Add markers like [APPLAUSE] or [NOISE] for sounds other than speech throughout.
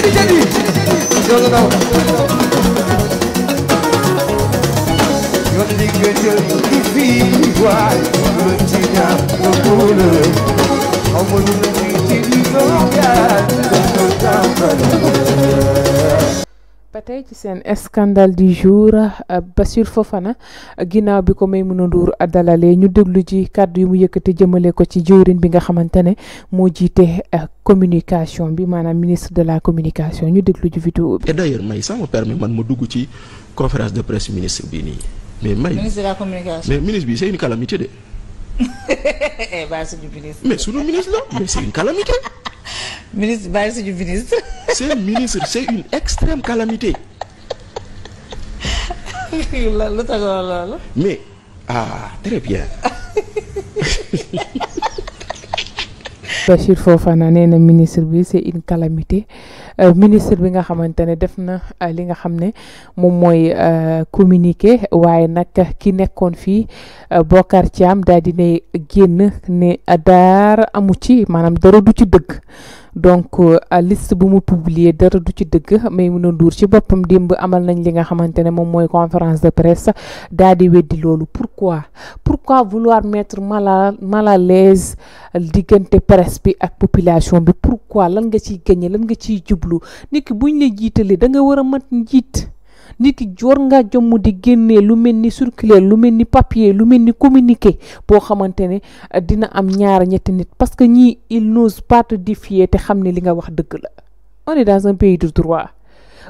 jadi jadi jol naw yoon di nga jël di fii waay lu ci ñaar mu tuule amul lu ci di ba tey ci seen scandale du jour euh, Bassirou na ginnaaw bi ko a Maimouna a dalalee ñu déglu ci kàddu yu mu yëkkati jëmale ko ci jëwriñ bi nga xamante ne moo jiite euh, communication bi maanaam ministre de la communication ñu déglu ci vidéo bi. et d'ailleurs may ça me permet man ma dugg ci conférence de presse ministre bii nii mais may. ministre la communication mais ministre bi c'est une calamité de. [LAUGHS] Eh mais sunu ministre la mais c'est calamité. ministre bah, ministre. [LAUGHS] ministre c'est une extrême calamité. [LAUGHS] mais ah très bien. Bachir Fofana ministre bi c'est une calamité euh, ministre bi nga xamantene def na euh, li nga xamné ne moy euh, communiqué waaye ki ne donc à euh, liste bu mu publier dara du ci dëgg mun Maimouna Ndour ci boppam démb amal nañ li nga xamante ne moom mooy conférence de presse daal di weddi loolu pourquoi pourquoi vouloir mettre mala mal à l'aise diggante presse bi ak population bi pourquoi lan nga ciy gagné lan nga ciy jublu nit ki buñ la jiitalee da nga war a mat njiit nit ki joor ngaa jomm di génnee lu mel ni circulaire lu mel ni papier lu mel ni communiqué boo xamante ne eh, dina am ñaar ñetti nit parce que ñii il n'ose pas te défier te xam ne li nga wax dëgg la on est dans un pays de droit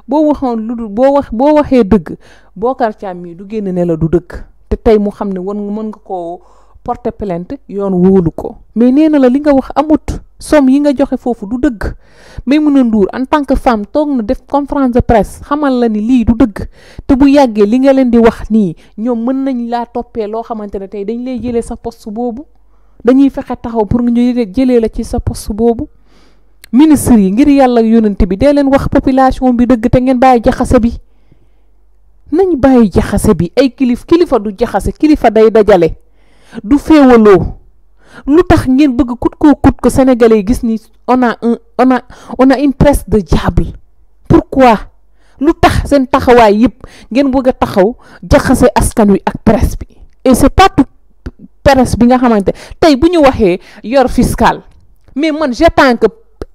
boo waxoon lu dul boo wax boo waxee dëgg Bocar Thiam mii du génn ne la du dëgg te tey mu xam ne wan mën nga koo porter plainte yoon wóolu ko mais nee na la li nga wax amut somme yi nga joxe foofu du dëgg mun Maimouna Ndour en tant que femme toog na def conférence de presse xamal la ni lii du dëgg te bu yàggee li nga leen di wax nii ñoom mën nañ laa toppee loo xamante ne tey dañ lay jëlee sa poste boobu dañuy fexe taxaw pour ñu jëlee la ci sa poste boobu ministre yi ngir yàlla yónnante bi dee leen wax population bi dëgg te ngeen bàyyi jaxase bi nañ bàyyi jaxase bi ay kilif kilifa du jaxase kilifa day dajale du féewaloo lu ngeen bëgg kut ko kut ko sénégalais yi gis ni on a un on a on a une presse de diable pourquoi lu sen taxaway yep ngeen bëgg taxaw jaxase askan wi ak presse bi et c'est pas tout presse bi nga xamanté tay buñu waxé yor fiscal mais man j'attends que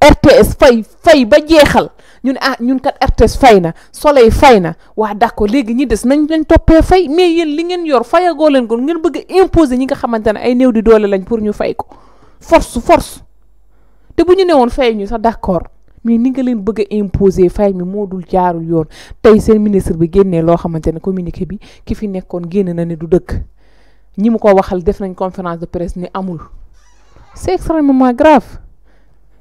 RTS fay fay ba jeexal ñu ne ah ñun kat RTS fay na Soleil fay na waa d'accord léegi ñi des nañ lañ toppee fay mais yéen li ngeen yor fayagoo leen ko ngeen bëgg a imposer ñi nga xamante ne ay néew di doole lañ pour ñu fay ko force force te bu ñu newoon fay ñu sax d'accord mais ni nga leen bëgg a imposer fay mi moo dul jaarul yoon tey seen ministre bi génnee loo xamante ne communiqué bi ki fi nekkoon génn na ne du dëkk ñi mu ko waxal def nañ conférence de presse ni amul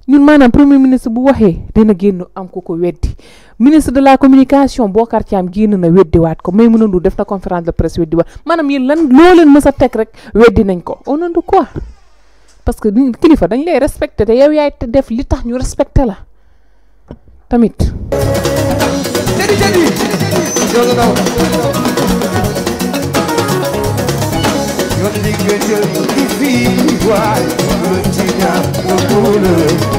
ñun manam premier ministre bu waxé dina genn am ko ko wéddi ministre de la communication Bocar Thiam genn na wéddi wat ko may mën a def na conférence de presse wéddi wat manam yéen lan lo leen mësa tek rek wéddi nañ ko on nom quoi parce que kilifa dañ lay respecter té yow yaay te def li tax ñu respecter la tamit jadi jadi jangan tahu Yon di gwe chou di fi waj Yon ti nap wapou le